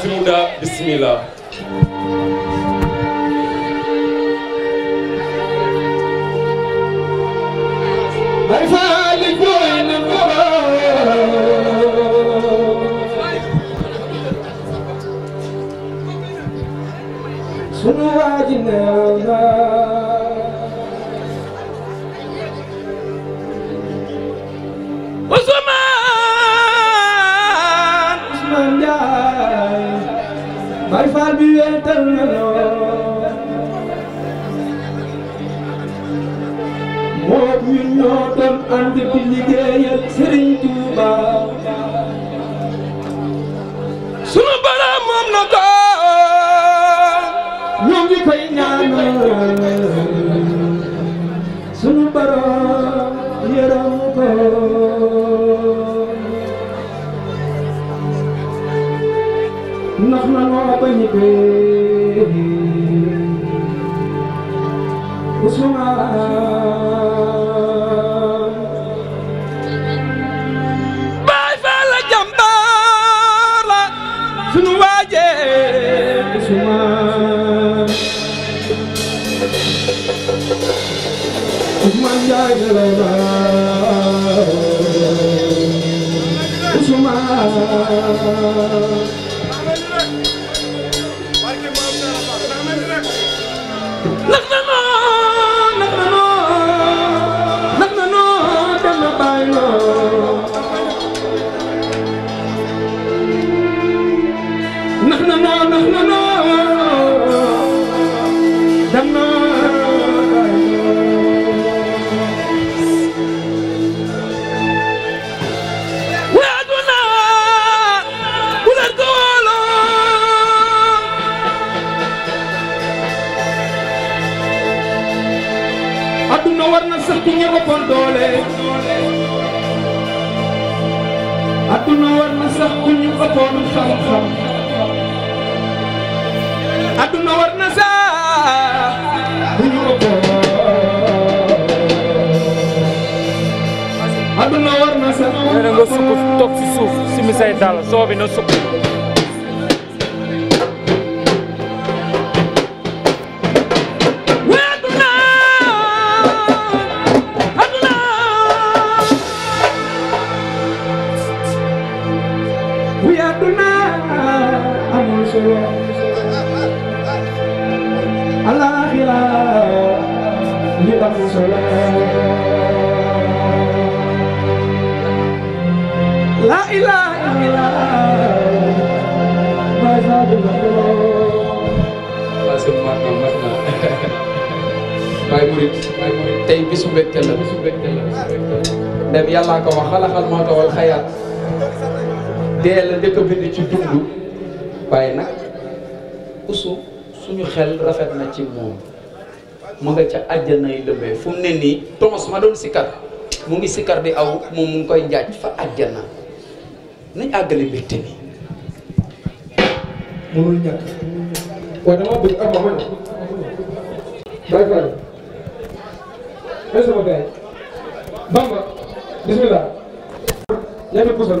Asmouda bismillah sunu waajina faal bi wéetal na loo moo ñun ñoo doon ànd di liggéeyal Serigne Touba sunu boroom moom na ko ñu ngi koy ñaanal baby. What's your mind? Bye, fella, jambala. Sunu waje. What's your ma doon sikkar mu ngi sikkar di aw moom mu ngi koy njaaj fa àjjana nañ àggale mbégte mi mënul ñàkk waaye dama bëgg am ma ne bàyyi fa ay sama gars yi bamba bismillah puusal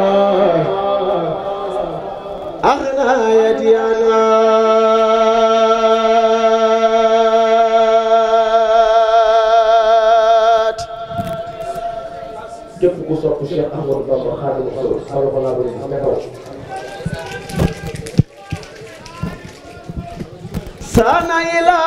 sopp Sana ila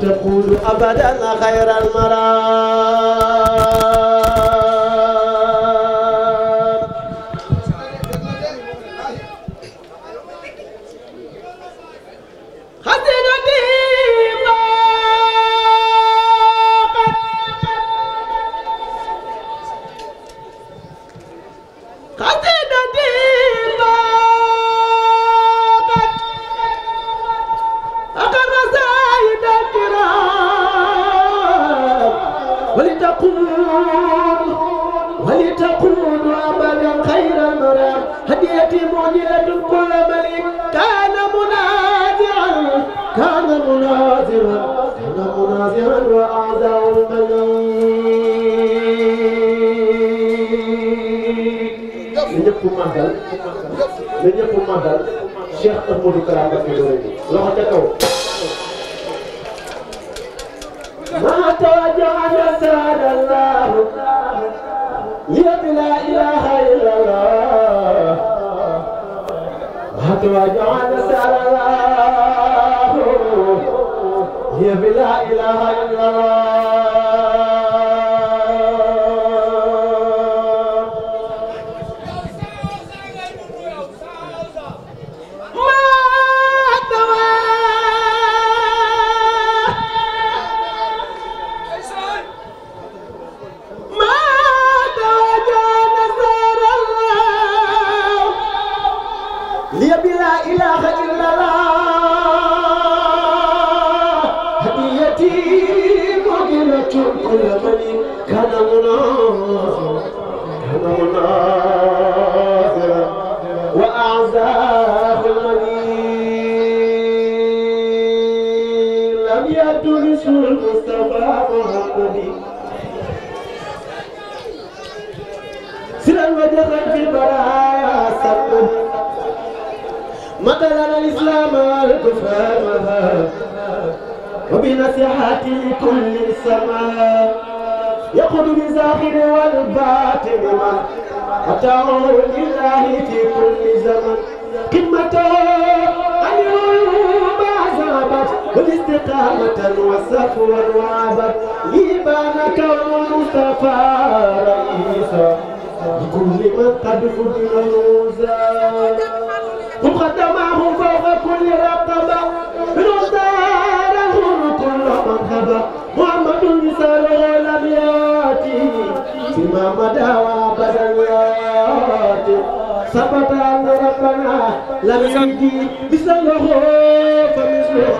تقول أبدا خير المرام منازعا كان منازعا وأعداء المليك ñëpp màggal la ñëpp màggal Cheikh Ahmadou Kara Mbacké Noreyni loxo ca kaw ما توجعنا سعد الله يد لا إله إلا الله ما توجعنا سعد الله هي بلا إله إلا الله الإسلام الكفار وبنصيحة كل السماء يقود بالظاهر والباطن ما أتاه لله في كل زمن قمته اليوم عذابت والاستقامة والصفوة وعبت لبان كون مصطفى رئيسا لكل من قد فضل مقدمه فوق كل رقبة نصاره كل من خبى محمد رساله لم ياتي فيما مدى وابدا ياتي ثبت أن ربنا لم يهدي مثله فمثله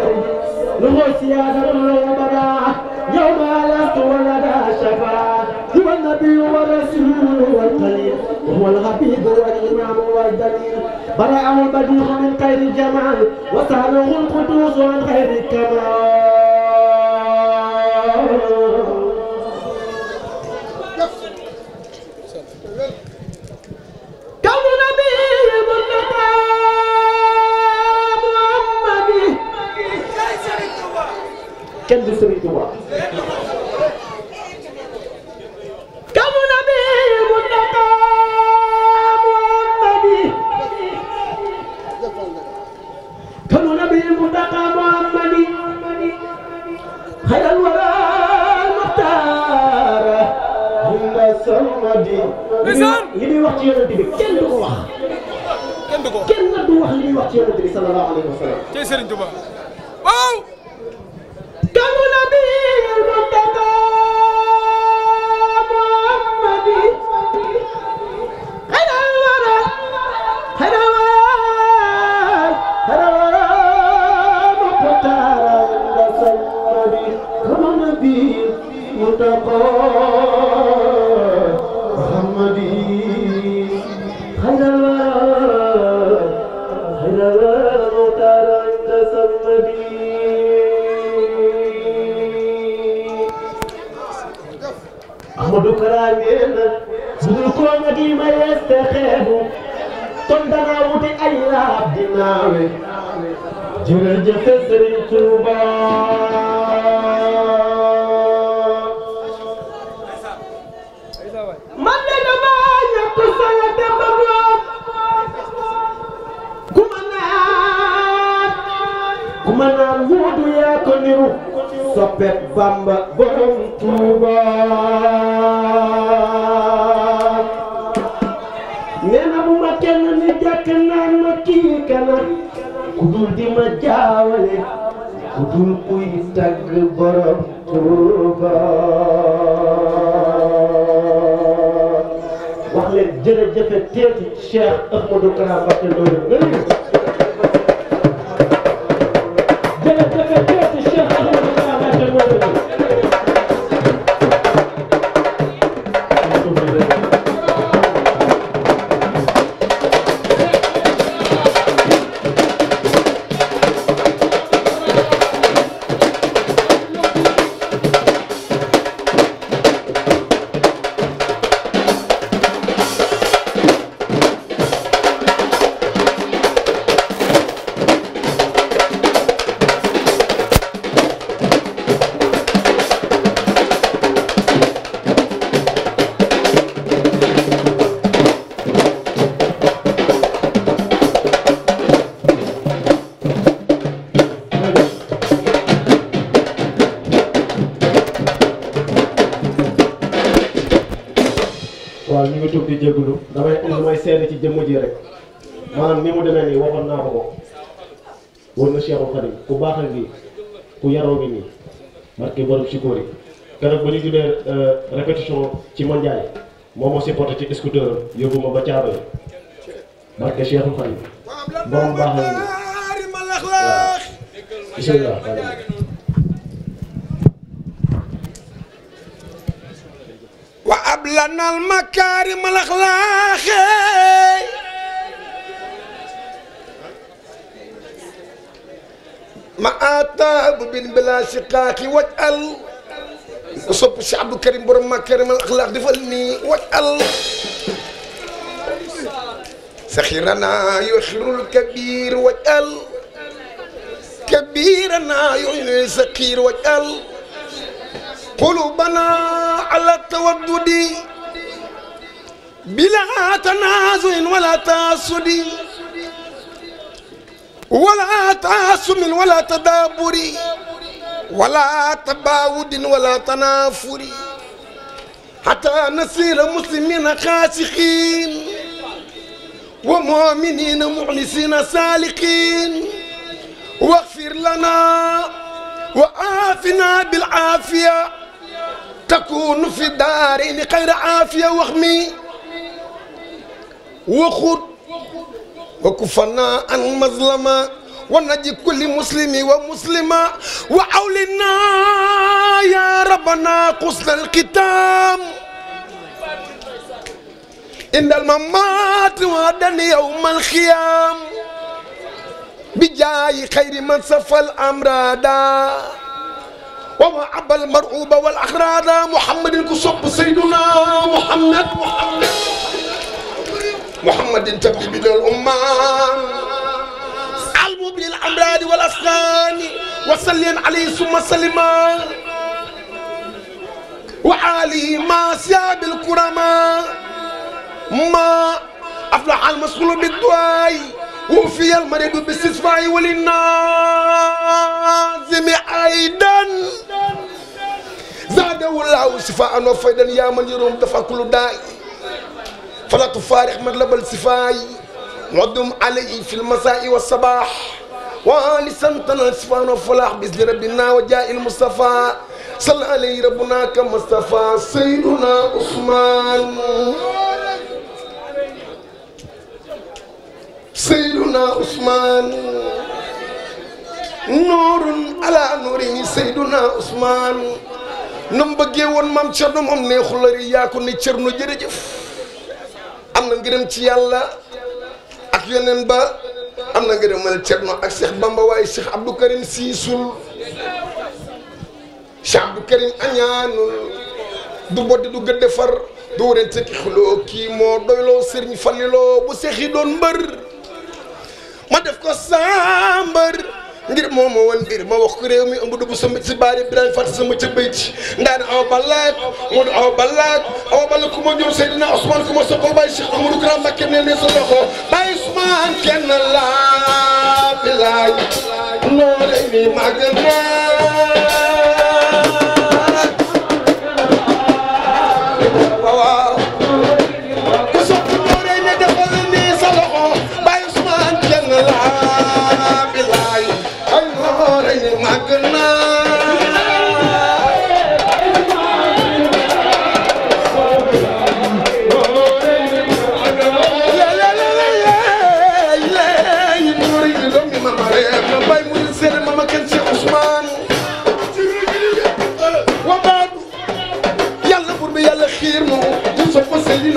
لم يهدي له سيادة الأمراء يوم لست ولد شفاعة والنبي والرسول والقليل هو الحبيب والإمام والدليل برأه البديع من خير الجمال وسأله القدوس عن خير الكمال كم سوري توا Serigne Touba waaw gamu nabi Mustafa Muhammadi xeral wara xeral wara mu ko taara inda sayyidi gamu nabi Mustafa ngi jégalu damay am lu may seede ci jëmm ji rek maanaam ni mu demee nii waxoon naa ko ko wër na Cheikhul Khadim ku baax a ngi ku yaroo ngi nii barke borom Sikori keroog ba ñu judee euh, répétition ci mondial moom moo supporté ci scooter yóbbu ma ba caaba yi barke Cheikhul Khadim borom baax a ngi nii وأبلنا المكارم الأخلاق ما آتاب بن بلا شقاقي واجعل صب الشعب عبد الكريم برم مكارم الأخلاق دفلني واجعل سخيرنا يخر الكبير واجعل كبيرنا يعين سخير واجعل قلوبنا على التودد بلا تنازع ولا تاسد ولا تعصب ولا تدابر ولا تباود ولا تنافر حتى نصير مسلمين خاسخين ومؤمنين مؤنسين سالقين واغفر لنا وآفنا بالعافية تكون في الدار لقير عافية وخمي وخد وكفنا عن مظلمة ونجي كل مسلم ومسلمة وعولنا يا ربنا قصنا الكتام إن الممات وعدني يوم الخيام بجاي خير من صفى الأمراض وما عبى المرعوب والأخراد محمد كصب سيدنا محمد محمد محمد تبيب الأمة المبني الأمراض والأسنان وسلم عليه ثم سلم وعلي ما سياب الكرماء ما أفلح المسؤول بالدواي وفي المريض بالاستشفاء وللنازم أيضا زاده الله شفاء وفيدا يا من يروم تفاكل داي فلا تفارق مطلب الشفاء ودم عليه في المساء والصباح ولسان تنصفان وفلاح بإذن ربنا وجاء المصطفى صلى عليه ربنا كمصطفى سيدنا عثمان سيدنا عثمان نور على نوره سيدنا عثمان nam bëggee woon maam Cerno moom neexul la yaa ko ne Cerno jërëjëf am na ngërëm ci yàlla ak yeneen ba am na ngërëmal Cerno ak Cheikh Bamba waaye Cheikh Abdou Karim siisul Cheikh Abdou Karim añaanul du boddi du gëdd far du warante ki xuloo kii doyloo Sëriñ Falliloo bu seexi doon mbër ma def ko sambar ngir moom moo woon mbir ma wax ko réew mi ëmb dugg sama si baari Ibrahima fàtte sama ca bëyit ndaan aw balaak mo du aw balaak aw balaak ku ma jur Seydina Ousmane ku ma soppal bàyyi Cheikh Amadou Kara Mbacké ne ne sa loxo bàyyi Ousmane kenn laa bilaay noo lay ni màgg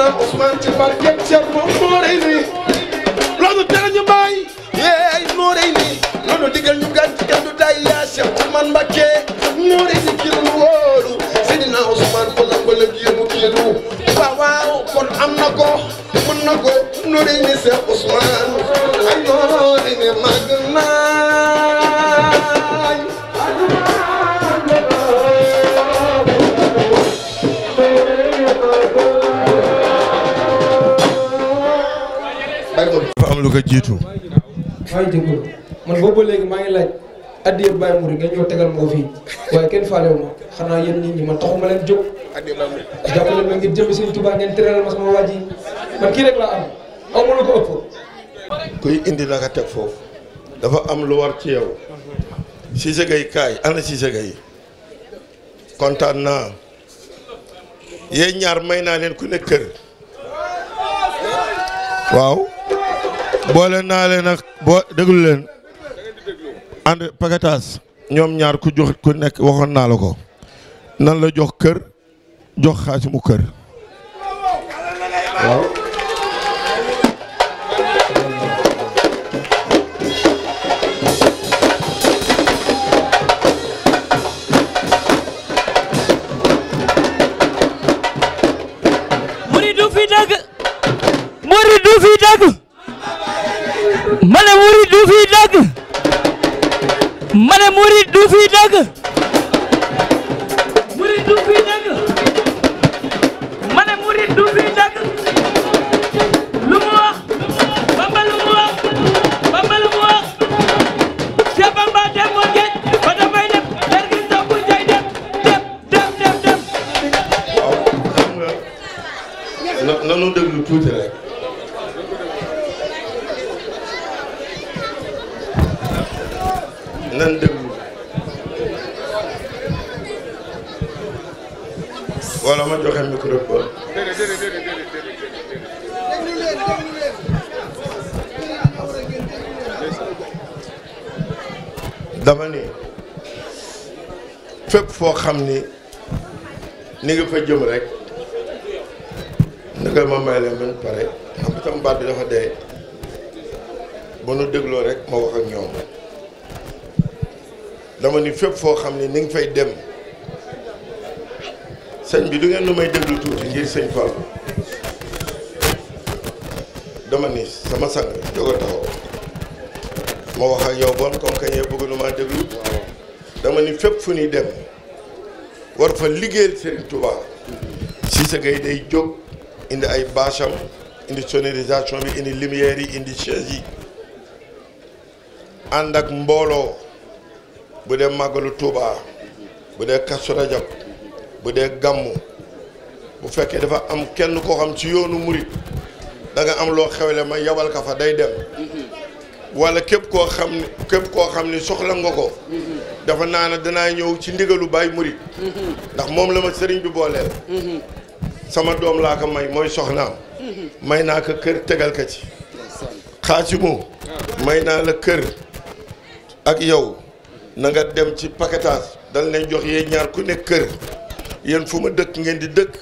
naan Ousmane ci barke Cerno Noreyni loolu tere ñu bàyyi yeey Noreyni loolu digal ñu gan ci kenn du day yaa Cheikh Ousmane Mbacké Noreyni kii la ñu wóolu Seydina Ousmane ko la ko la kiiru kiiru waaw waaw am na ko mën na ko Noreyni Cheikh Ousmane ay Noreyni màgg bëgg a jiitu. maa ngi jégalu man boobu léegi maa ngi laaj addi yëpp bàyyi murid nga ñëw tegal moo fii waaye kenn faalewu ma xanaa yéen nit ñi man taxuma leen jóg. jàppale ma ngir jëm seen tubaab ngeen tëral ma sama waa ji man kii rek laa am aw ma ko ëpp. kuy indi la nga teg foofu. dafa am lu war ci yow. Cissé Gueye kaay ana Cissé Gueye kontaan naa yéen ñaar may naa leen ku ne kër waaw boole naa leen ak boo déglu leen ànd ñoom ñaar ku jox ku nekk waxoon naa la ko nan la jox kër jox xaasimu kër waaw Mori fi dagg ma ne murit du fi dagg ma ne murit du fi dagg ni nga fa jëm rek ni ko ma may leen man pare xam nga bi dafa dee ba nu dégloo rek ma wax ak ñoom dama ni fépp foo xam ne ni nga fay dem sëñ bi du ngeen nu may déglu tuuti ngir sëñ Fall dama ni sama sang jóg a ma wax ak yow bon comme que ñee bëgg nu maa déglu dama ni fépp fu ñuy dem war fa liggéeyal Serigne Touba Cissé Gaye day jóg indi ay bâcham indi sonorisation bi indi lumière yi indi chaise yi ànd ak mbooloo bu dee màggalu Touba bu dee Kazu Rajab bu dee gàmmu bu fekkee dafa am kenn koo xam ci yoonu murit danga am loo xewle ma yebal ka fa day dem mm-hmm. wala képp koo xam ne képp koo xam ni soxla nga ko mm-hmm. dafa naa ne danaa ñëw ci ndigalu baay Mouride. ndax moom la ma sëriñ bi booleel. sama doom laa ko may mooy soxnaam. may naa ko kër tegal ka ci. xaasimu may naa la kër ak yow na nga dem ci paquetage dal nañ jox yéen ñaar ku nekk kër yéen fu ma dëkk ngeen di dëkk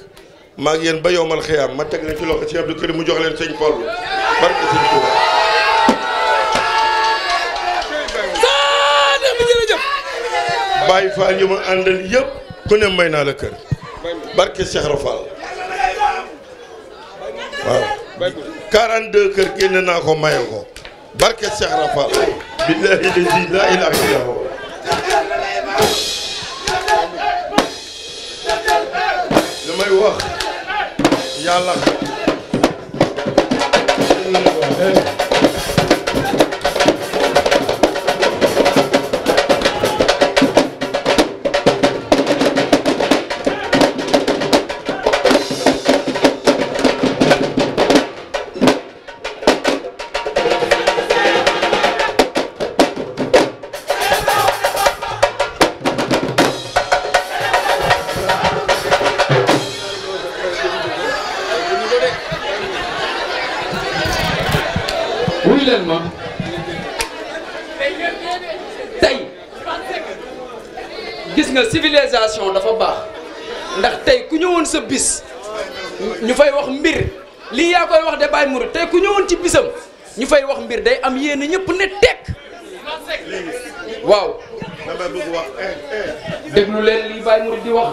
maa ngi yéen ba yomal xiyaam ma teg leen ci loxo ci kër Karim mu jox leen sëñ Paul barke sëñ Tuubaa Baye Fall yi ma àndal yëpp ku ne may naa la kër barke Cheikh Rafal waaw 42 kër génne naa ko maye ko barke Cheikh Rafal billahi lazi laa ilaaha illaa huwa li may wax yàlla tey gis nga civilisation dafa baax ndax tey ku ñëwoon sa bis ñu fay wax mbir lii yaa koy wax de Baye Mouride tey ku ñëwoon ci bisam ñu fay wax mbir day am yéen a ñëpp ne tekk waaw déglu leen lii Baye Mouride di wax.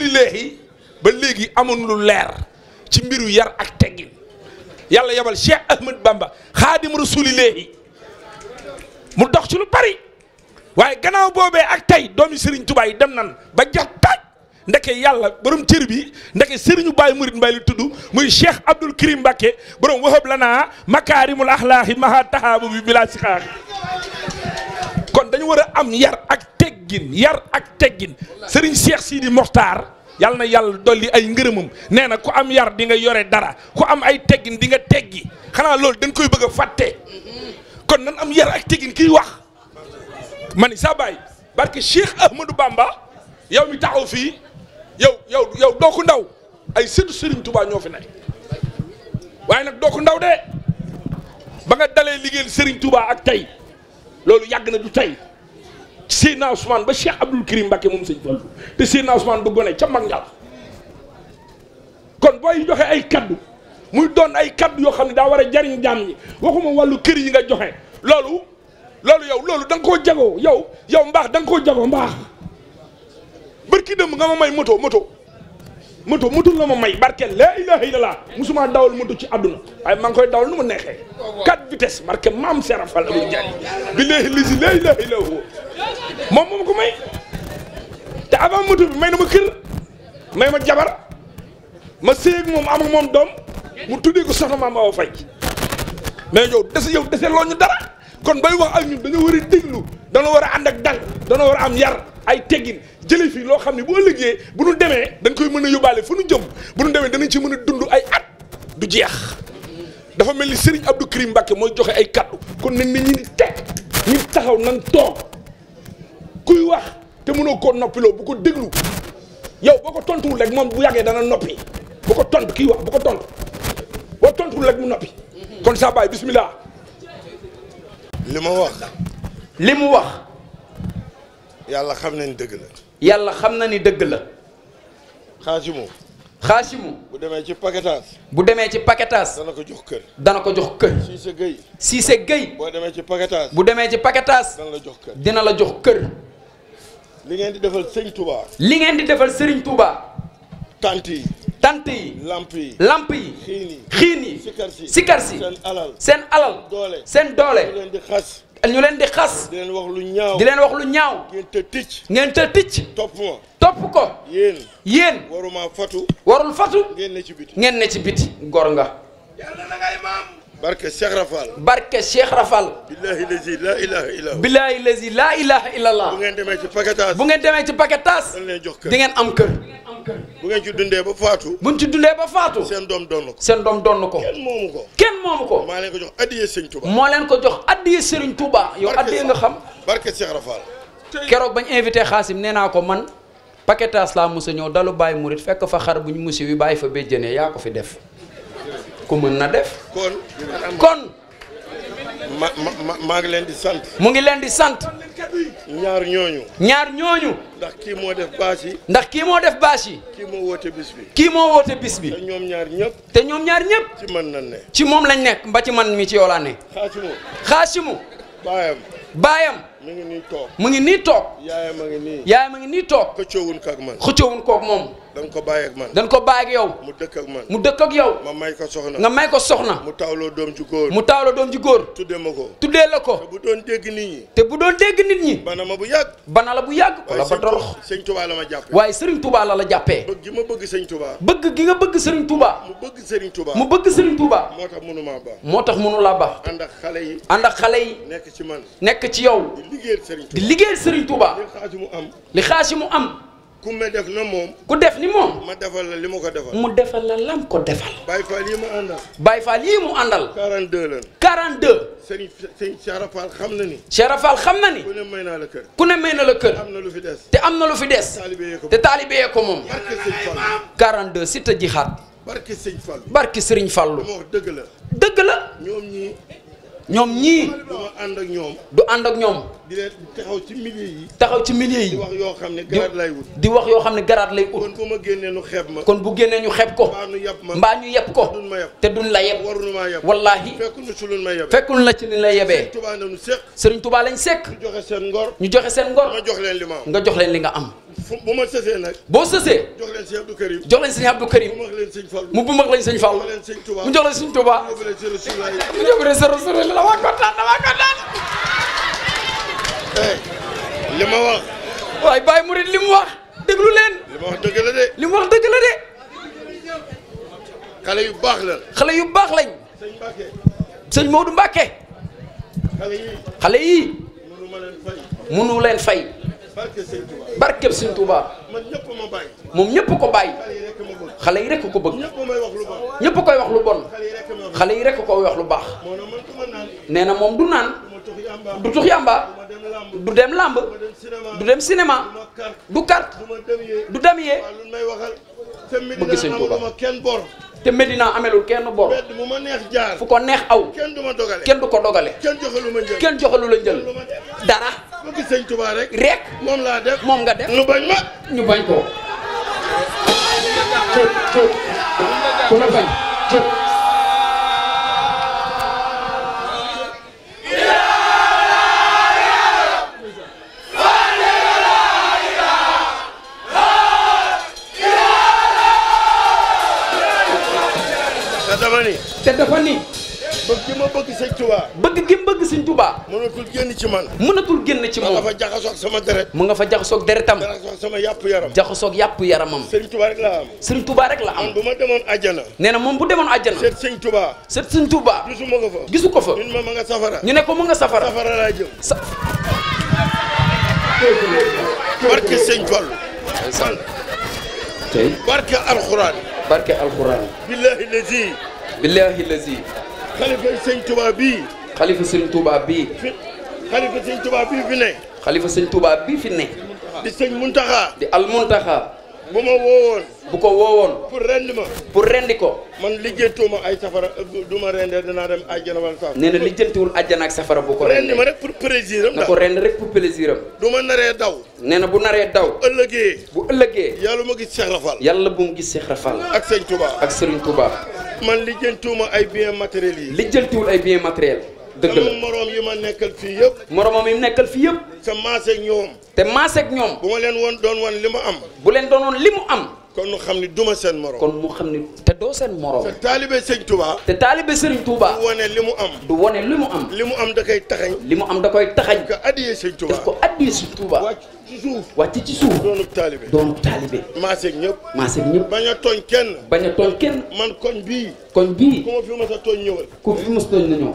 léegi ba léegi amoon lu leer. ci mbiru yar ak teggin yàlla yabal Cheikh Ahmed Bamba xaadim rasulillahi mu dox ci lu bari waaye gannaaw boobee ak tey doomi Serigne Touba yi dem nan ba jax ndeke yàlla borom cër bi ndeke Serigne Baye Mouride Mbaye la tudd muy Cheikh Abdoul Karim Mbacké borom wahab lana makaarimul axlaaxi maha tahaabu bi bilaa sixaar kon dañu war a am yar ak teggin yar ak teggin Serigne Cheikh Sidi Mokhtar. yal na yàlla dolli ay ngërëmam nee na ku am yar di nga yore dara ku am ay teggin di nga teggi xanaa loolu dañ koy bëgg a fàtte kon nan am yar ak teggin kiy wax ma ni sa baay barke Cheikh Ahmadou bàmba yow mi taxaw fii yow yow yow doo ko ndaw ay sëtu Serigne Touba ñoo fi nekk waaye nag doo ko ndaw de ba nga dalee liggéeyal Serigne Touba ak tey loolu yàgg na du tey. Seydina Ousmane ba Cheikh Abdoul Karim Mbacké moom sëñ Fallu te Seydina Ousmane ba gone ca mag kon booy joxe ay kaddu muy doon ay kaddu yoo xam ne daa war a jariñ jaam ñi waxuma wàllu kër yi nga joxe loolu loolu yow loolu da nga koo jagoo yow yow mbaax danga koo jagoo mbaax bërki dëmb nga ma may moto moto moto moto la ma may barke laa ilaha illallah musuma dawal moto ci àdduna waaye maa ngi koy dawal nu ma neexee quatre vitesse barke maam Serap Fall Abdou Diagne bi léegi li si laa ilaha illallah moom moom ko may te avant moto bi may na ma kër may ma jabar ma sëy moom amul moom doom mu tuddee ko soxna maam Awa Faye mais yow dese yow dese loo ñu dara kon bay wax ak ñun dañoo war a déglu. danoo war a ànd ak dal danoo war a am yar ay teggin jële fii loo xam ne boo liggéeyee bu nu demee dañ koy mën a yóbbaale fu nu jëm bu nu demee danañ ci mën a dund ay at du jeex dafa mel ni Serigne Abdou Karim Mbacké mooy joxe ay kaddu kon nañ ne ñi ni teg ñi taxaw nan toog kuy wax te mënoo koo noppiloo bu ko déglu yow boo ko tontuwul rek moom bu yàggee dana noppi bu ko tontu kii wax bu ko tontu boo tontuwul rek mu noppi mhm. kon saa baay bismillah li ma wax li mu wax. yàlla xam na ni dëgg la. yàlla xam na ni dëgg la. xaasimu. xaasimu. bu demee ci paquetage. bu demee ci paquetage. dana ko jox kër. dana ko jox kër. Cissé Gueye. Cissé Gueye. boo demee ci paquetage. bu demee ci paquetage. dana la jox kër. dina la jox kër. li ngeen di defal sëñ Touba. li ngeen di defal Serigne Touba. tant yi. tant yi. lamp yi. lamp yi. xiin yi sikar si sikar si. seen alal seen doole seen doole. leen di dañu leen di xas. di leen wax lu ñaaw di leen wax lu ñaaw. ngeen te ticc. ngeen te ticc. topp ma topp ko. yéen yéen. waruma fatu. warul fatu. ngeen ci biti ngeen ci biti. gor nga. barke Cheikh Rafal. barke Cheikh Rafal. billahi lazi laa ilaha illallah. billahi lazi laa ilaha illallah. bu ngeen demee ci paquetage. bu ngeen demee ci paquetage. dañ leen jox kër di ngeen am kër. bu ngeen ci dundee ba faatu. bu ñu ci dundee ba faatu. seen doom doon ko. seen doom doon ko. kenn moomu ko. kenn moomu ko. maa leen ko jox addiye Serigne Touba. moo leen ko jox addiye Serigne Touba. yow addiye nga xam. barke Cheikh Rafal. keroog bañ invité Xaasim nee naa ko man paquetage laa mos a ñëw dalu bàyyi murit fekk fa xar bu ñu musi wi bàyyi fa béjjënee yaa ko fi def ku mën na def. kon kon. ma ma maa ngi leen di sant. mu ngi leen di sant. ñaar ñooñu. ñaar ñooñu. ndax kii moo def bâche yi. ndax kii moo def bâche yi. kii woote bis bi. kii moo woote bis bi. te ñoom ñaar ñëpp. te ñoom ñaar ñëpp. ci man nañ ne. ci moom lañ nekk mba ci man mi ci yow laa ne. xaasimu. baayam. baayam. mu ngi nii toog. mu ngi nii toog. yaayam a ngi nii. yaayam a ngi nii toog. xëccoowun koog man xëccoowun koog moom. dañ ko bàyyi ak man dañ ko bàyyi ak yow mu dëkk ak man mu dëkk ak yow ma may ko soxna nga may ko soxna mu tawloo doom ji góor mu tawloo doom ji góor tuddee ma ko tuddee la ko te bu doon dégg nit ñi te bu doon dégg nit ñi bana ma bu yàgg bana la bu yàgg wala ba torox sëñ Touba la ma jàppee waaye sëriñ Touba la la jàppee bëgg gi ma bëgg sëñ Touba bëgg gi nga bëgg sëriñ Touba mu bëgg sëriñ Touba mu bëgg sëriñ Touba moo tax mënu maa baax moo tax mënu laa baax ànd ak xale yi ànd ak xale yi nekk ci man nekk ci yow di liggéeyal sëriñ Touba di liggéeyal sëriñ Touba li xaasi mu am li xaasi mu am ku ma def na moom. ku def ni moom. ma defal la li ma ko defal. mu defal la lam ko defal. Baye Fall yi mu àndal. Baye Fall yi mu àndal. 42 la. 42. Serigne Serigne Cheikh xam na ni. Cheikh Fall xam na ni. ku ne may naa la kër. ku ne may na la kër. am na lu fi des. te am na lu fi des. te taalibe yee ko moom. 42 si ta jixaat. barke Serigne Fallou. barke Serigne Fallou. dëgg la. dëgg la. ñoom ñoom ñii. du ànd ak ñoom. du ànd ak ñoom. di leen taxaw ci milieu yi. taxaw ci milieu yi. di wax yoo xam ne garaat lay wut. di wax yoo xam ne garaat lay ut. kon bu génnee ñu xeeb ma. kon bu ñu xeeb ko. mbaa ñu yeb ma mbaa ñu yeb ko. te duñ la yeb. waruñu maa yeb wallaahi. fekkul na ci luñ ma yebee. fekkul na ci luñ la yebee. Serigne Touba lañ sekk. Serigne tubaa lañ sekk. joxe seen ngor. ñu joxe seen ngor. nga jox leen li ma am nga jox leen li nga am. bu ma sësee nag boo sësee jox leen sëñ Abdou Karim jox leen sëñ Abdou Karim mu bumax leen sëñ Fall mu bumax leen sëñ Fall mu jox leen sëñ Touba mu jox leen sa rasul la waa kontaan damaa kontaan li ma wax waay Baye Mouride li mu wax déglu leen li ma wax dëgg la de li mu wax dëgg la de xale yu baax la xale yu baax lañ sëñ Mbacke sëñ Modou Mbacke xale yi xale yi mënu ma leen fay mënu leen fay barkeb sëñ Touba moom ñëpp ko bàyyi xale yi rekk ko bëgg ñëpp koy wax lu bon xale yi rekk koy wax lu baax nee na moom du naan du tux yàmba du dem làmb du dem cinéma du carte du damier bëgg sëñ Touba te Medina amelul kenn bor fu ko neex aw kenn du ko dogale kenn joxalu la njël dara bëgg sëñ Tuubaa rek. rek moom laa def moom nga def. ñu bañ ma ñu bañ ko. cëp cëp ku la bañ cëp. te dafa ni. te dafa ni. bëgg gi ma bëgg sëñ Touba. bëgg gi bëgg sëñ Touba. mënatul génn ci man. mënatul génn ci moom. mu nga fa jaxasoog sama deret. mu nga fa jaxasoog deretam. jaxasoog sama yàpp yaram. jaxasoog yàpp yaramam. sëñ Touba rek la am. sëñ Touba rek la am. bu ma demoon àjjana. nee na moom bu demoon àjjana. seet sëñ Touba. seet sëñ Touba. gisu ko fa. gisu ko fa. ñun ñu ne ko mu nga safara. safara laa jëm. sa. barke sëñ Fall. sëñ Fall. barke alxuraan. barke alxuraan. billahi lazi. billahi xalifa sëñ Touba bii. xalifa sëñ Touba bii. fi xalifa sëñ Touba bii fi ne. xalifa sëñ Touba bii fi ne. di sëñ Muntaxa. di al bu ma woowoon. bu ko woowoon. pour rendi ma. pour rendi ko. man lijjantiwuma ay safara du ma rendee dinaa dem àjjana wala safara. nee na lijjantiwul àjjana ak safara bu ko. rendi ma rek pour plaisir am. na ko rend rek pour plaisir am. du ma naree daw. nee na bu naree daw. bu ëllëgee. bu ëllëgee. yàlla ma gis Cheikh Rafal. yàlla bu mu gis Cheikh Rafal. ak Serigne Touba. ak Serigne Touba. man lijjantiwuma ay bien matériels yi. lijjantiwul ay bien matériels. dëgg la moroom yi ma nekkal fii yëpp. moroomam yi nekkal fii yëpp. sa maaseeg ñoom. te maaseeg ñoom. bu ma leen woon doon woon li mu am. bu leen doon woon li mu am. kon mu xam ni duma seen morom. kon mu xam ni te doo seen morom. te taalibe sëñ Touba. te taalibe sëñ tuuba du wane li mu am. du wane li mu am. li mu am da koy taxañ. li mu am da koy taxañ. daf ko addiyee sëñ Touba daf ko addiyee sëñ tuuba wàcc ci ci suuf. doonub taalibe doonub taalibe. maaseeg ñëpp. maaseeg ñëpp. bañ a tooñ kenn. bañ a tooñ kenn. man koñ bii. koñ bii. ku ma a tooñ ñëwal. ku fi mos tooñ na ñëw.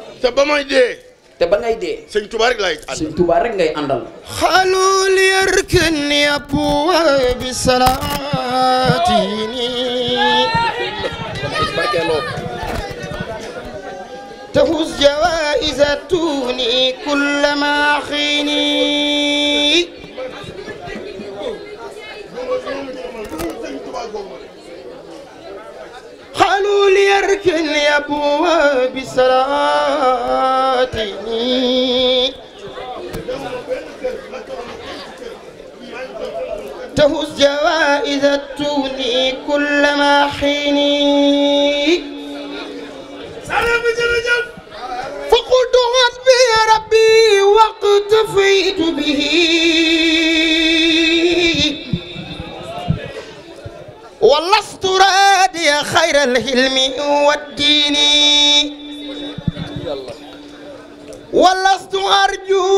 te ba may dee te ba ngay dee sëñ Tuubaa rek laay àndal sëñ Tuubaa rek ngay àndal xalul أركن يا أبواب صلاتي تهز جوائز التوني كلما حيني سلام جل فقلت حسبي ربي واقتفيت به ولست رأي يا خير الحلم والدين ولست أرجو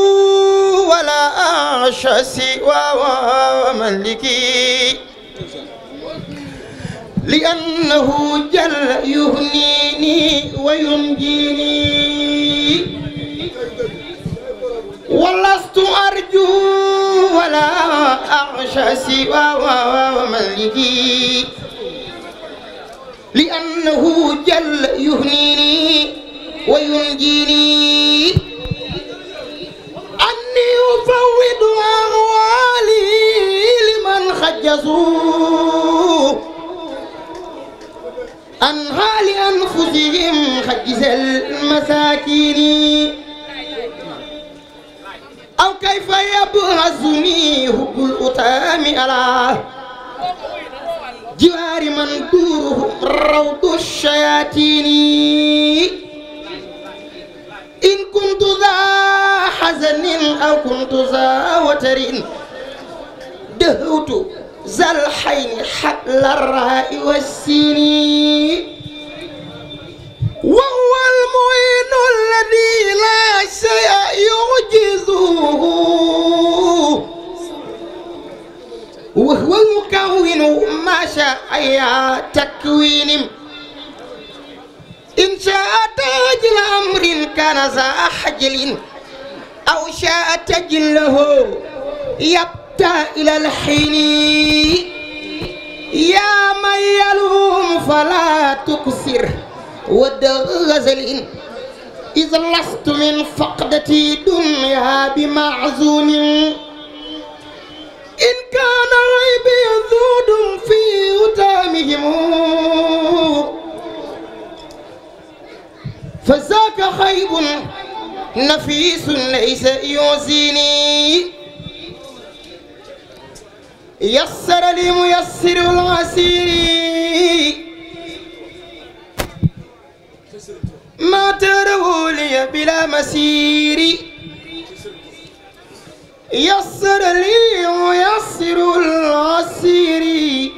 ولا أعشى سوى ملكي لأنه جل يهنيني وينجيني ولست أرجو ولا أعشى سوى ملكي لأنه جل يهنيني وينجيني أني أفوض أهوالي لمن خجزوا أنها لأنفسهم خجز المساكين أو كيف يبرزني حب الأتام على jiwaari man duuruhum rawdu shayaatini in kuntu daa xasanin aw kuntu daa watarin dahawtu zal xayni xabla raa'i wassini wa huwa al mu'inu alladi laa shay'a شاء يا تكوين إن شاء تاجل أمر كان ذا أحجل أو شاء تجله يبتى إلى الحين يا من يلوم فلا تكسر ود غزل إذا لست من فقدتي دنيا بمعزون إن كان عيبي يذود في أتامهم فذاك خيب نفيس ليس يوزيني يسر لي ميسر العسير ما تروا لي بلا مسيري يسر لي ويسر العسيري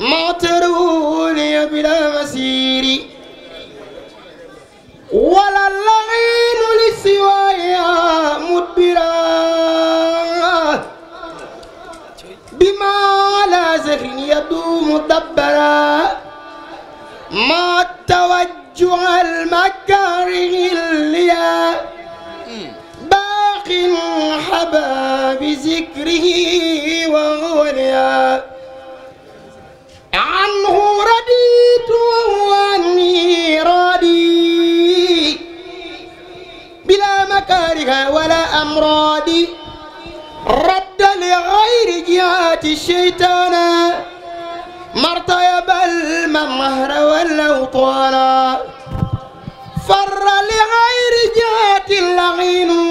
ما تروني بلا مسيري ولا اللعين لسوايا مدبرا بما على زهر يدوم دبرا ما توجه المكاره اللي حق حبى بذكره وغنيا عنه رديت وهو عني راضي بلا مكاره ولا أمراض رد لغير جهات الشيطان بل الممهر والأوطان فر لغير جهات اللعين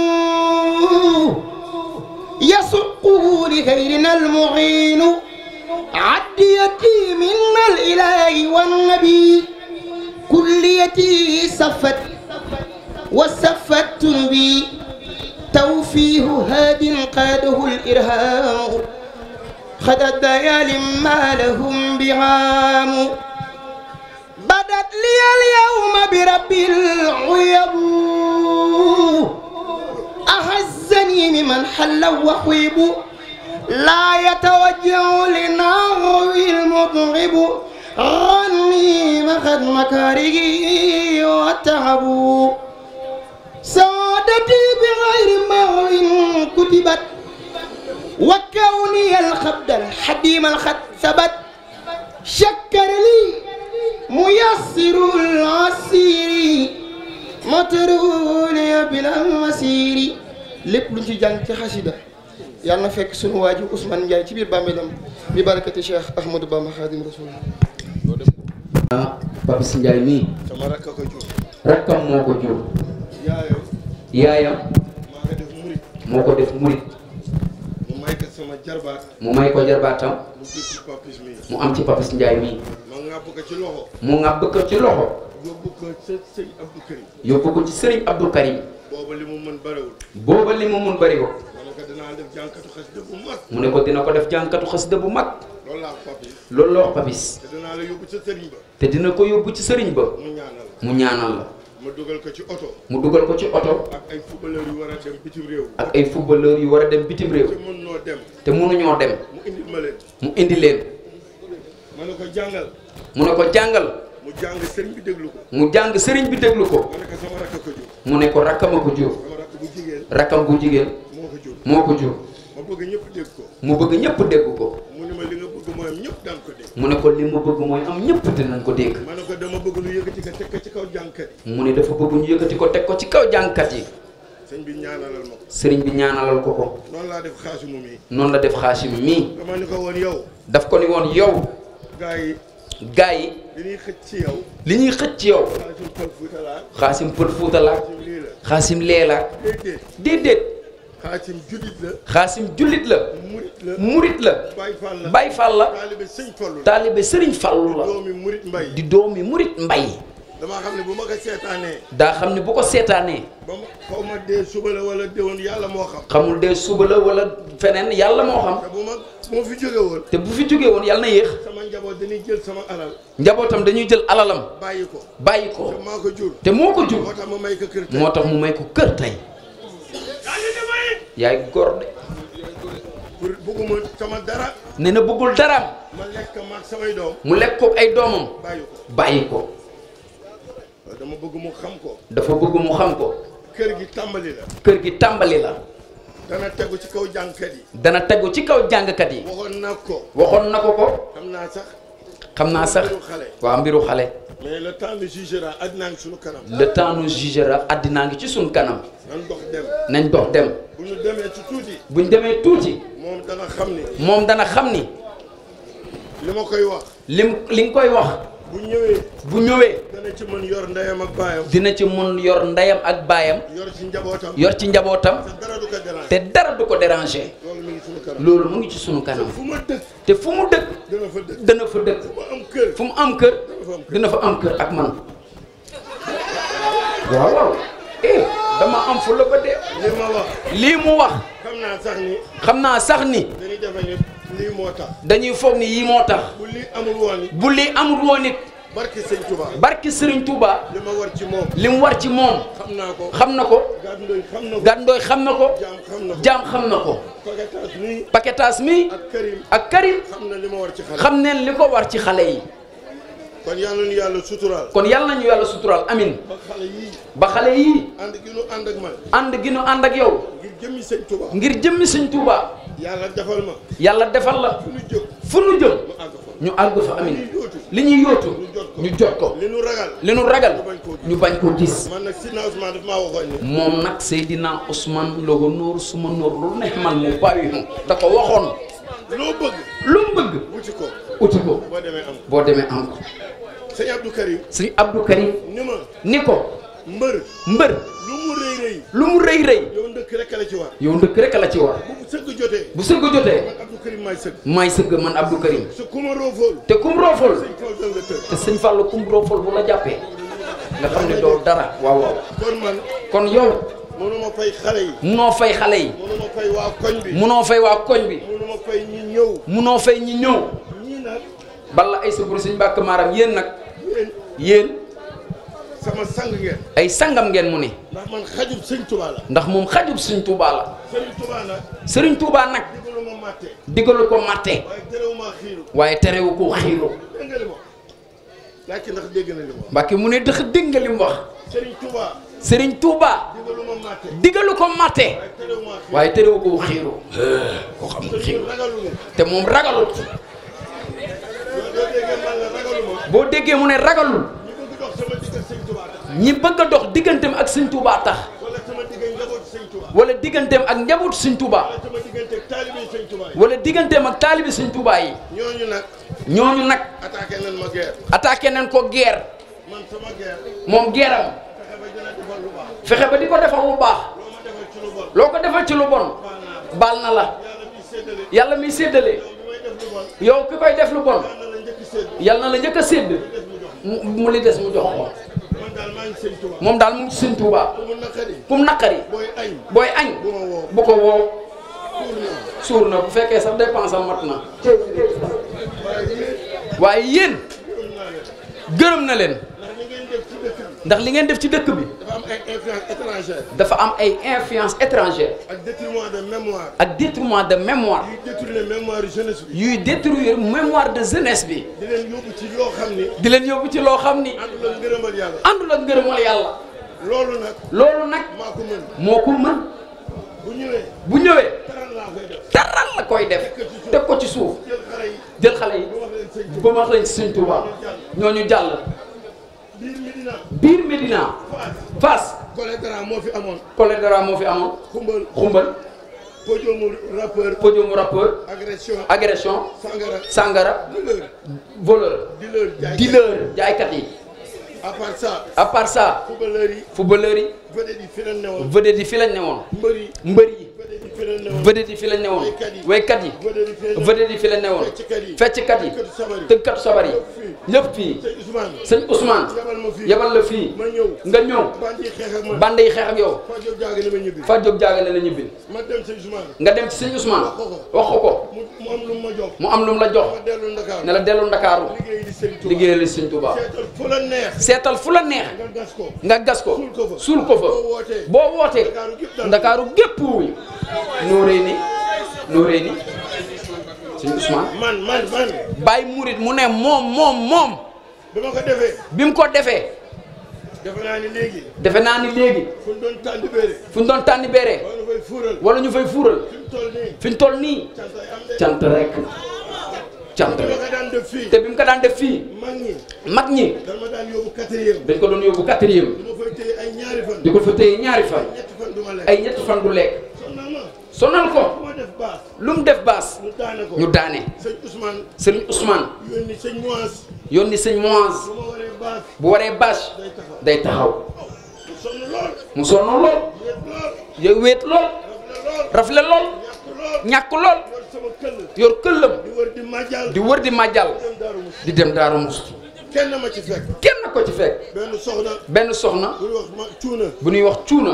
غيرنا المعين عد يتيم من الإله والنبي كليتي صفت وصفت تنبي توفيه هاد قاده الإرهام خد الديال ما لهم بعام بدت لي اليوم برب العيب أهزني ممن حل وحيب لا يتوجه لنحو المضرب غني مخد مكاره والتعب سعادتي بغير ما إن كتبت وكوني الخبد الحديم الخد ثبت شكر لي ميسر العسير مطرول يا بلا مسير lépp lu حشده yàlla fekk sunu waji Ousmane ndjay ci bir bàmmeelam bi barakati Cheikh Ahmadou Bamba Khadim Rasoul. ah Pape Si Ndiaye mii. sama rakk ko jur. rakkam moo jur. yaayam. yaayam. moo ko def mourid moo def murit. mu may ko sama jarbaat. mu may ko jarbaatam. mu am ci papa Si Ndiaye mii. mu ŋàbb ko ci loxo. mu ŋàbb ko ci loxo. yóbbu ko ci serigne Abdou Karim. yóbbu ko ci serigne Abdou Karim. booba limu mën bari booba li mu mën bariwul. dinaa def jànkatu xasida mu ne ko dina ko def jànkatu xasida bu mag. loolu la wax papis. loolu la wax papis. te dinaa la te dina ko yóbbu ci sëriñ ba. mu ñaanal la mu ñaanal la. mu dugal ko ci oto. mu dugal ko ci oto. ak ay footballeur yu war a dem bitim réew. ak ay yu war a dem bitim réew. te mënuñoo dem. te mënuñoo dem. mu ma mu indi leen. mu ne ko jàngal. mu ne ko jàngal. mu jàng sëriñ bi déglu ko. mu jàng sëriñ bi déglu ko. ne ko sama rakk ko rakkam bu jigéen. moo ko jur. mu bëgg ñëpp dégg ko. mu bëgg ñëpp dégg ko. mu ne ma li nga bëgg mooy am ñëpp daan ko dégg. mu ne ko li ma bëgg mooy am ñëpp dinañ ko dégg. ma ne ko dama bëgg lu yëkkati ko teg ko mu ne dafa bëgg ñu yëkkati ko teg ko ci kaw jànkat yi. sëriñ bi ñaanalal ma ko. sëriñ bi ñaanalal ko ko. noonu laa def xaasimu mii. noonu la def xaasimu mii. dama ni ko woon yow. daf ko ni woon yow. gaa yi. yi. li ñuy xëcc yow. li ñuy xëcc ci yow. xaasim pël fuuta laa. xaasim laa. xaasim lee la. xaasim jullit la. xaasim la. murit la murit la. Baye Fall la taalibe Sëriñ Fallu la taalibe Sëriñ Fallu la. di doomi murit mbay di doomi murit mbay. damaa xam ne bu ma ko seetaanee. daa xam ne bu ko seetaanee. ba ma ma dee suba la wala déwén yàlla moo xam. xamul dee suba la wala feneen yàlla moo xam. te bu ma bu ma fi jóge woon. te bu fi jóge woon yàlla na yéex. sama njaboot dañuy jël sama alal. njabootam dañuy jël alalam. bàyyi ko bàyyi ko. te moo ko jur. moo ko jur. moo tax may moo tax mu may ko kër tey. yaay góor de. pour bëgguma sama dara. nee na bëggul dara ma samay doom. mu lekk ko ay doomam. bàyyi ko dama bëgg ko. dafa bëgg xam ko. kër gi tàmbali la. kër gi tàmbali la. dana tegu ci kaw jàngkat yi. dana tegu ci kaw jàngkat yi. waxoon na ko. waxoon na ko ko. xam naa sax. xam naa sax mbiru xale. mais le temps nous jugera àddinaa ngi suñu kanam. le temps nous jugera àddinaa ngi ci suñu kanam. nañ dox dem. nañ dox dem. bu ñu demee ci tuuti. bu ñu demee tuuti. moom dana xam ni. moom dana xam ni. li ma koy wax. lim li nga koy wax. bu ñëwee. bu ñëwee. dina ci mën yor ndeyam ak baayam. dina ci mën yor ndeyam ak baayam. yor ci njabootam. yor ci njabootam. te dara du ko déranger. te dara du ko déranger. loolu mu ngi ci sunu kanam. fu ma dëkk. te fu mu dëkk. dana fa dëkk dana fa dëkk. fu mu am kër. fu dina fa am kër ak man. waaw waaw. Eh, dama am fu la ba dee. lii mu wax. xam naa sax ni. xam naa sax ni. dañuy defe moo tax. dañuy foog ni yii moo tax. bu lii amul woon bu lii amul woon it. barki Serigne Touba. barki Serigne Touba. li ma war ci moom. li mu war ci moom. xam naa ko xam na ko. gàndooy xam na xam na ko. jaam xam na ko jaam xam na ko. paquetage mi. paquetage mi. ak Karim xam na li ma war ci xam neen li ko war ci xale yi. kon yàlla ñu yàlla suturaal. kon yàlla ñu yàlla suturaal amin. ba xale yii. ba xale yii. ànd gi nu ànd ak man. ànd gi nu ànd ak yow. ngir jëmmi sëñ Touba. ngir jëmmi sëñ Touba. yàlla defal ma. yàlla defal la. fu nu jëm fu nu jëm. ñu àgg fa amin. li ñuy yóotu ñu jot ko. li nu ragal li nu ragal. ñu bañ koo gis. man nag Seydina Ousmane daf maa waxoon ne. moom nag Seydina Ousmane logo noor suma noor lu neex man mu bàyyi ma. da ko waxoon. loo bëgg. lu mu bëgg. wuti ko wuti ko. boo demee am ko. sëñ Abdou Karim sëñ Abdou Karim ni ma ni ko mbër mbër lu mu rëy rëy lu mu rëy rëy yow ndëkk rek la ci war yow ndëkk rek la ci war bu sëgg jotee bu sëgg jotee man Abdou Karim maay sëgg maay sëgg man Abdou Karim te ku roofool te ku mu roofool sëñ Fallou ku mu roofool bu la jàppee nga xam ne doo dara waaw waaw kon man kon yow mënuma fay xale yi munoo fay xale yi munoo fay bi munoo fay waa koñ bi munuma fay ñëw munoo fay ñi ñëw ñii bala ay sa bur suñ mbàkk maaram yéen nag yéen sama sang ngeen ay sangam ngeen mu ne ndax man xajub sëñ Touba la ndax moom xajub sëñ Touba la sëriñ Touba nag sëriñ Touba nag digalu ko màtte waaye terewu ko xiiru Mbàkke mu ne dëx dégg nga li mu wax Touba sëriñ Touba digalu ko màtte waaye terewu ko xiiru xam te moom ragalul boo déggee mu ne ragalul ñi bëgg a dox digganteem ak sëñ Touba tax wala digganteem ak njabootu sëñ Touba wala digganteem ak taalibi sëñ Touba yi ñooñu nag ñooñu nag attaqué nañ ma guerre attaqué nañ ko guerre man moom guerram fexe ba di ko defal lu baax loo ko defal ci lu bon baal na la yàlla mi séddale yow ki koy def lu bon yàlla na la njëkk a sédd mu li des mu jox ko moom daal mu ngi sëñ Tuuba kum naqari booy añ bu ko woo suur na bu fekkee sax dépense am mat na waaye yéen gërëm na leen ndax li ngeen def ci bi. dafa am ay influence étrangère. dafa am ay influence étrangère. ak de mémoire. ak de détruire mémoire jeunesse bi. yuy détruire mémoire de jeunesse bi. di leen ci loo xam ni. di ci loo xam ni. ngërëmal yàlla. ak bu bu taral koy def. taral la koy def. ko ci yi biir Bir Medina. Collé Dara moo fi amoon Collé Dara moo fi amoon xumbal xumbal podium rappeur podium rappeur agression agression sangara sangara voleur dealer jaaykat yi à part ça à part ça footballeur yi footballeur yi vedette yi fi lañ newoon vedette yi fi lañ newoon mbër yi vedette yi fi la newoon waykat yi vedette yi fi la newoon fecckat yi tëggkat sabar yi lépp fii sëñ Ousmane yebal la fii nga ñëw bande yi xeex ak yow Fatou Diop jaagale la ñibbi nga dem ci sëñ Ousmane wax ko ko mu am lu mu la jox ne la dellu Ndakaaru liggéeyal li sëñ Touba seetal fu la neex nga gas ko suul ko fa boo wootee Ndakaaru gépp wuy Nooréni Nooréni sëñ Ousmane. man man man. Baye Mouride mu ne moom moom moom. bi ma ko defee. bi mu ko defee. defe naa ni léegi. defe naa ni léegi. fu ñu doon tànn béere. fu ñu doon tànn béere. wala ñu fay fuural. wala ñu fay fuural. fi ñu toll nii. cant rek. cant rek te bi mu ko daan def fii. mag ñi. mag ñi. dañ ma daan yóbbu quatrième. dañ ko doon yóbbu quatrième. di ko fa téye ay ñaari fan. di ko fa téye ñaari fan. ay ñetti fan du lekk. sonal ko lu mu def baas ñu daane sëriñ Ousmane yónni sëñ Moise bu waree bâche day taxaw mu sonn lool yow wéet lool rafle lool ñàkk lool yor këllam di wër di màjjal di dem Daaru Musti kenn ma ko ci fekk benn soxna bu ñuy wax cuuna wax cuuna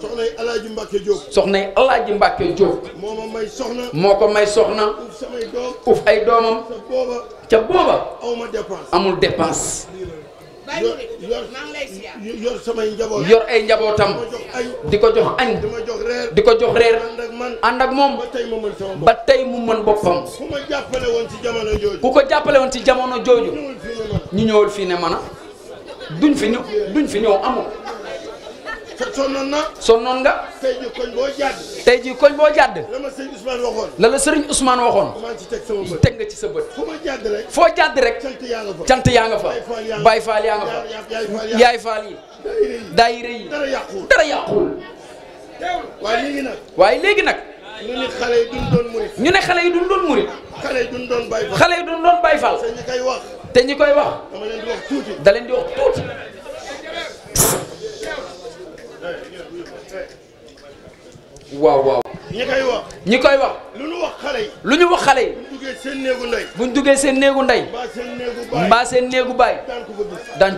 soxnay alaaji Mbàkke Jóob soxnay alaaji Mbàkke Jóob moo ma may soxna moo ko may soxna uf samay doom ay doomam ca booba ca booba awma dépense amul dépense yor yor samay njaboot yor ay njabootam di ko jox añ di ko jox reer ànd ak moom ba tey mu mën boppam ku ko jàppale woon ci jamono jooju ku ko jàppale ci jamono jooju ñu ñëwul fii ne man duñ fi ñëw duñ fi ñëw amul sonnoon na sonnoon nga tey ji koñ boo jàdd tey ji koñ boo jàdd la ma sëriñ Ousmane waxoon la la sëriñ Ousmane waxoon teg nga ci sa bët fu ma jàdd rek foo jàdd rek cant yaa nga fa Baay Faal yaa nga fa yaay faal yi daayira yi dara yàquwul dara yàquwul waaye léegi nag waaye léegi nag ñu ne xale yi duñ doon murit ñu ne xale yi duñ doon murit xale yi duñ doon Baay Faal xale yi doon Baay Faal te ñi koy wax te ñi koy wax da leen di tuuti da leen di wax tuuti waaw waaw. ñi koy wax. ñi koy wax. lu ñu wax xale yi. lu ñu wax xale yi. bu ñu duggee seen néegu ndey. bu ñu duggee seen néegu mbaa seen néegu baay. mbaa seen néegu baay.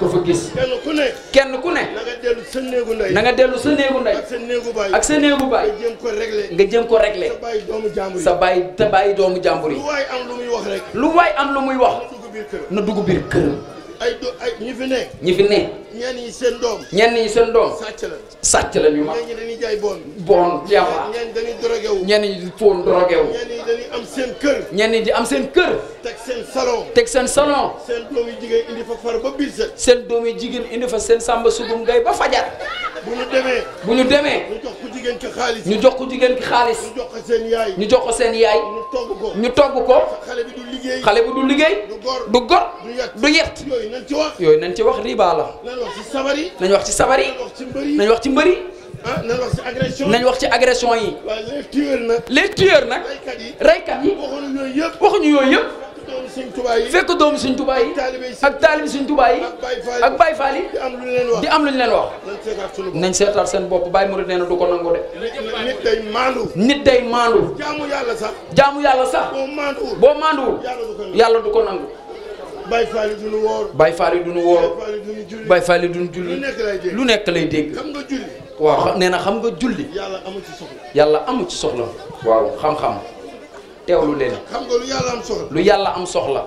ko fa gis. kenn ku ne. kenn ku ne. na nga dellu sa néegu ndey. na nga dellu sa néegu ndey. ak sa néegu baay. ak sa néegu baay. nga jéem ko réglé. ko réglé. sa bàyyi doomu sa bàyyi te bàyyi doomu jàmbur yi. lu waay am lu muy wax lu waay am lu muy wax. na dugg biir ay do ay ñi fi ne. ñi fi ne. ñenn ñi seen doom. ñenn ñi seen doom. sàcc la. sàcc la ñu ma. ñi dañuy jaay bon. bon yàlla. ñenn ñi dañuy drogué wu. ñenn ñi di fóon drogué ñenn ñi dañuy am seen kër. ñenn ñi di am seen kër. teg seen salon. teg seen salon. seen doom yi jigéen indi fa far ba seen doom yi jigéen indi fa seen sàmba sugum ngay ba fajar. bu ñu demee. bu ñu demee. ñu jox ko jigéen ki xaalis. ñu jox ko jigéen ki xaalis. jox ko seen yaay. ñu jox ko seen yaay. ñu togg ko. ñu togg ko. xale bi du liggéey. xale bi du liggéey. du gor du yett yooyu nañ ci wax yooyu nañ ci wax nañ wax ci sabar yi. nañ wax ci sabar yi. nañ wax ci mbër yi. ah nañ wax ci agression nañ wax ci yi. waaye les tueurs nag. les tueurs nag. raykat yi raykat yi. waxuñu yooyu yëpp waxuñu yooyu yëpp. fekk doomu suñ tubaay yi ak taalibi suñ tubaay ak baay faal di am lu leen wax nañ seetaat seen bopp baay murid nee na du ko nangu de nit day maandu nit day maandu jaamu yàlla sax yàlla sax boo maanduwul yàlla du ko nangu Baye Fall du nu woor. Baye Fall du nu woor. Baye Fall yi du nu julli. lu nekk lay dégg. xam nga julli. waaw nee na xam nga julli. yàlla amu ci soxla. yàlla amu ci soxla. waaw xam-xam teewlu leen. xam nga lu yàlla am soxla. lu yàlla am soxla.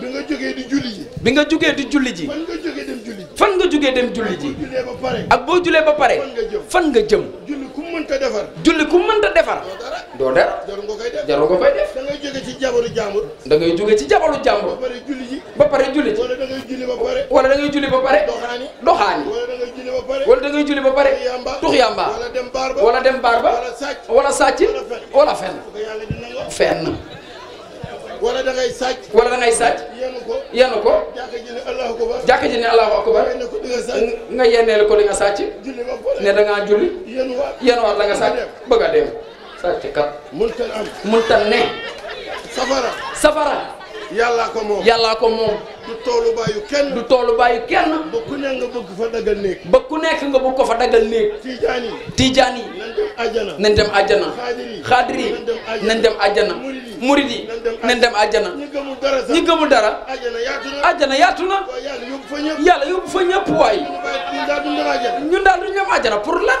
bi nga jógee di julli ji. bi nga jógee di julli ji. fan nga jógee dem julli ji. fan nga jógee dem julli ji. ak boo julee ba pare. fan nga jëm. julli ku mënta defar. julli ku mënta defar. doo dara jarul nga koy def jarul nga koy def. da ngay jóge ci jabalu jàmbur. da ngay jóge ci jabalu jàmbur. ba pare julli ji. ba pare julli ji. wala da ngay julli ba pare. wala da ngay julli ba pare. doxaani doxaani. wala da ngay julli ba pare. wala da ngay julli ba pare. tux yamba wala dem baar ba. wala sàcc wala fen wala fenn fenn. wala da ngay sàcc wala da ngay sàcc yenu ko yenu ko jàkka ji ne allahu akbar jàkka ji ne allahu akbar nga yeneel ko li nga sàcc ne da ngaa julli yenu waat la nga sàcc bëgg a dem sàcc kat mun tan am mun tan ne safara safara yàllaa ko moom yàllaa ko moom. du toolu bàyyu kenn. du toolu bàyyu kenn. ba ku nekk nga bëgg fa dagal néeg. ba ku nekk nga bëgg ko fa dagal néeg. tijaan yi. yi. nañ dem àjjana. nañ dem àjjana. xaadir yi nañ dem àjjana. murid yi nañ dem àjjana. ñi gëmul dara sax ñi gëmul dara. àjjana yaatu na àjjana yaatu yàlla yóbbu fa ñëpp. yàlla yóbbu fa ñëpp waay. ñun daal duñ dem àjjana pour lan.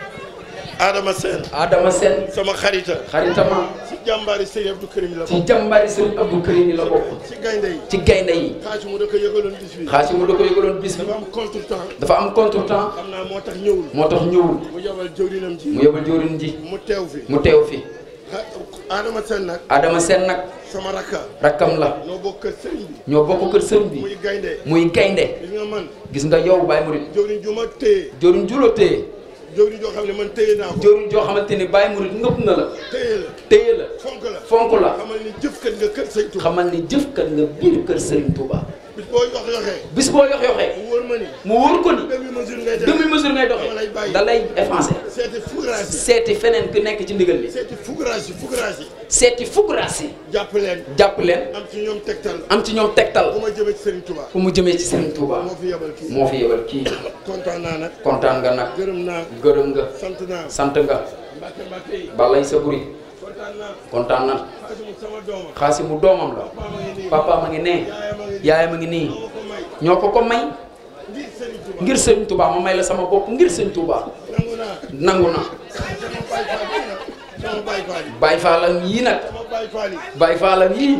Adama Sène Adama Sène sama xarita xaritama ci jàmbaari Serigne Abdou Karim la ci jàmbaari Serigne Abdou Karim la bokk ci gaynde yi ci gaynde yi Xaasimu da ko yëgaloon bis bi Xaasimu da bis bi dafa am contre temps am contre moo tax ñëwul moo tax ñëwul mu yebal jëwrinam ji mu yebal jëwrin ji mu teew fi mu teew fi Adama Sène nag Adama seen nag sama rakka rakkam la ñoo bokk kër sëriñ bi ñoo bi muy gaynde muy gaynde gis nga man gis nga yow Baye Mouride jëwrin ju ma jëwriñ joo xam ne man téye naa ko jëwriñ joo xamante ni bàyyi murit ngëpp na la téye la la fonk la fonk la xamal ni jëfkat nga kër sëñ Touba xamal ni jëfkat nga kër sëriñ Touba bis boo yox yoxee. bis boo yox yoxee. mu wóor ma ni. mu wóor ko ni. demi mesure ngay doxee ngay doxee. da lay seeti fugaraas yi feneen ku nekk ci ndigal li. seeti fugaraas yi fugaraas yi. seeti fugaraas jàpp leen. jàpp leen. am ci ñoom tegtal. am ci ñoom tegtal. ku ma jëmee ci Serigne Touba. ku mu jëmee ci Serigne Touba. moo fi yebal kii moo fi yebal kii. kontaan naa nag. kontaan nga nag. gërëm nga. sant naa sant nga. mbàkke mbàkke yi balay sa buri kontaan na xaasimu doomam la papaam a ngi ne yaayam a ngi nii ñoo ko ko may ngir sëñ Touba ma may la sama bopp ngir sëñ Touba nangu na Baye Fallam yii nag Baye Fallam yii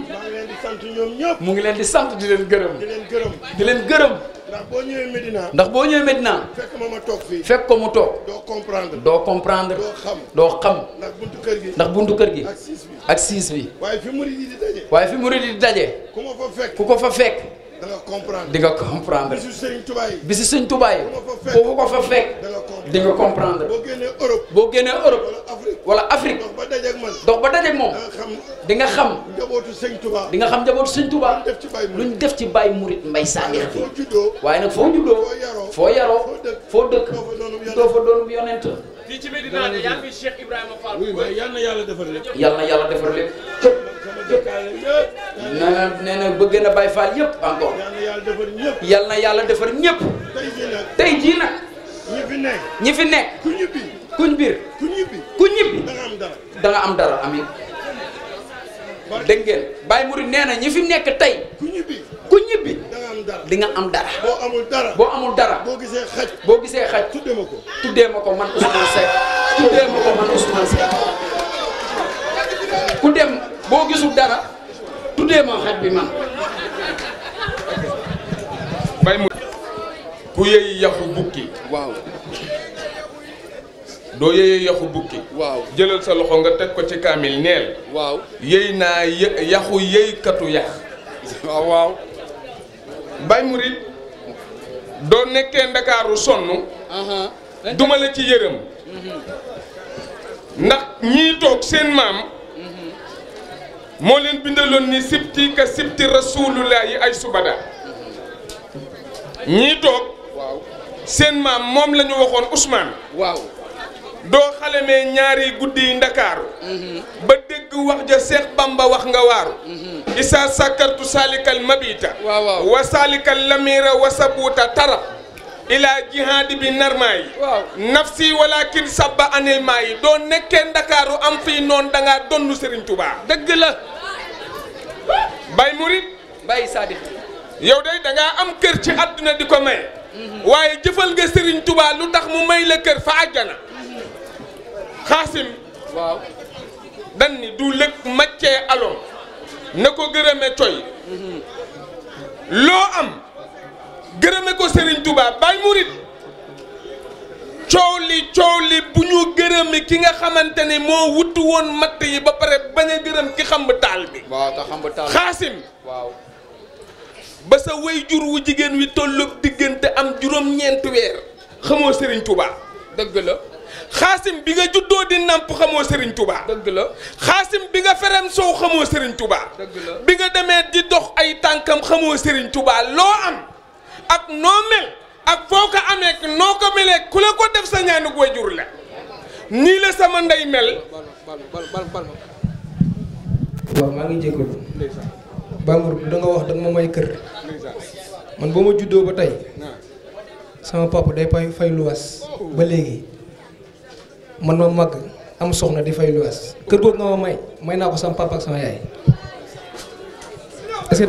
mu ngi leen di sant di leen gërëm di leen gërëm di leen gërëm ndax boo ñëwee Medina. ndax boo ñëwee Medina. fekk ma ma toog fii. fekk ko mu toog. doo comprendre. doo comprendre. doo xam doo xam. ndax buntu kër gi. ndax buntu kër gi. ak siis bi ak siis bi. waaye fi mu yi di daje. waaye fi murid yi di daje. ku ma fa ku ko fa fekk. Vous comprenez? comprendre comprenez? Vous comprenez? yi comprenez? ko fa Vous comprendre Vous Europe Afrique dox ba comprenez? Vous comprenez? Vous comprenez? Vous comprenez? xam comprenez? Vous comprenez? Vous comprenez? fii ci Medina ne Ibrahima Fall. yal na yàlla defar lépp. yal na yàlla defar lépp. nee na nee na bëgg na Baye Fall yëpp encore. yal na yàlla defar ñëpp. tey jii nag. ñi fi nekk. ñi fi nekk. ku ñibbi. ku da am dara. da am dégg ngeen Baye Mouride nee na ñi fi nekk tey ku ñibbi ku ñibbi di nga am dara boo amul dara boo amul dara boo gisee xaj boo gisee xaj tuddee ma ko tuddee ma ko man Ousmane Seck ku dem boo gisul dara tuddee ma xaj bi man Baye Mouride ku yëy yaxu bukki waaw doo yëyee yaxu bukki jëlal sa loxo nga teg ko ci kaamil neel waaw yëy naa yaxu yëykatu yax waaw waaw Baay Murit doo nekkee ndakaaru sonn uh-huh. duma la ci yërëm mm-hmm. ndax ñii toog seen maam mm-hmm. moo leen bindaloon ni sibti ka sibti mm-hmm. moom lañu waxoon Ousmane waaw doo xalamee ñaari guddi yi ndakaaru mm-hmm. ba dégg wax ja seex bamba wax nga waaru mm-hmm. isaa sàkkartu saalikal mabita wa saalikal lamira wa sabuuta tarab ilaa jihaadi bi narmaa yi nafsi walakin sabba anil maa yi doo nekkee ndakaaru am fii noon danga donnu Serigne Touba dëgg la bay murit yow day dangaa am kër ci àdduna di ko maye mm-hmm. waaye jëfal nga Serigne Touba lu tax mu may la kër fa àjjana xaasim waaw dan ni du lëkk maccee aloom na ko gërëme coy mhm. loo am gërëme ko Serigne Touba Baye Mouride coow li coow li bu ñu gërëmi ki nga xamante ni moo wut woon matt yi ba pare bañ a gërëm ki xamb taal bi waaw xaasim ba sa way jur wu jigéen wi tolloog diggante am juróom-ñeenti weer xamoo Serigne Touba dëgg la xaasim bi nga juddoo di namp xamoo Serigne Touba. dëgg la bi nga ferem soow xamoo Serigne Touba. dëgg la bi nga demee di dox ay tànkam xamoo Serigne Touba loo am ak noo mel ak foo ko amee noo ko melee ku la ko def sa ñaanug wajur la nii la sama ndey mel. waaw maa ngi jégalu. Bangour da wax da nga ma may kër. man ba ma juddoo ba tey. sama papa day fay fay luwaas ba léegi. man ma mag am soxna di fay luwaas kër googu nga ma may may naa ko sama papa ak sama yaay est-ce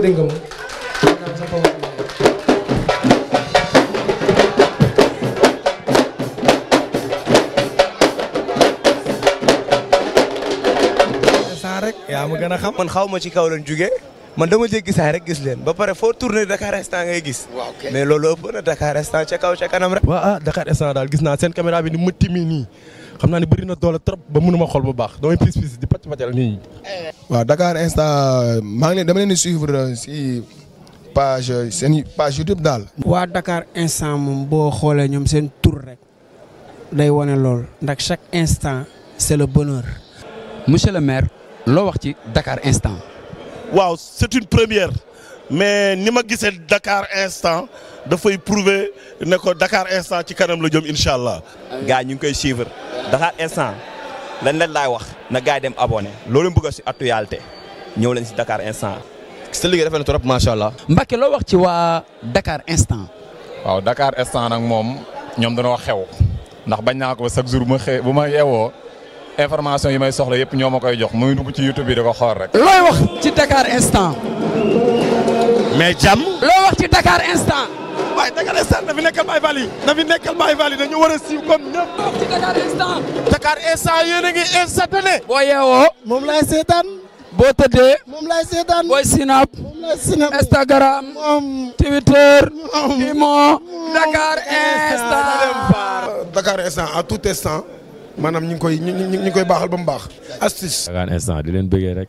yaa ma gën a xam man xaw ma ci kaw leen jóge man dama jéggi saay rek gis leen ba pare foo tourné Dakar instant ngay gis. mais loolu ëpp na Dakar instant ca kaw ca kanam rek. waaw ah Dakar instant daal gis naa seen caméra bi ni mu timmi nii. xam ni bari na doole trop ba mënuma xol bu baax damay pis pis di pàcc pàccal nit ñi. waaw Dakar instant maa ngi dama leen suivre si page seen page YouTube dal wa Dakar instant mom bo xolé ñoom sen tour rek day wane lool ndax chaque instant c'est le bonheur. monsieur le maire lo wax ci Dakar instant. waaw c'est une première mais ni ma Dakar instant fay prouver ne ko Dakar instant ci kanam la jëm inshallah ga ñu Dakar instant lan leen lay wax na gaay dem abonné loolu actualité Dakar instant. c'est ligue rafet trop wax ci Dakar instant. Dakar instant nag xew ndax bañ chaque jour ma information yi may soxla YouTube bi ko rek. instant. mais jàmm. loo wax ci Dakar instant. waaye Dakar instant war a Dakar instant. Dakar instant yéen a boo yeewoo. moom laay seetaan. boo tëddee. moom laay seetaan. booy sinap. Instagram. Twitter. Dakar instant. Dakar à tout instant. maanaam ñu ngi koy koy baaxal ba mu baax. astuce. Dakar instant di leen bëggee rek.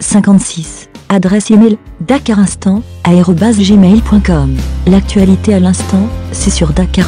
56. Adresse email dakarinstant.gmail.com L'actualité à l'instant, c'est sur Dakar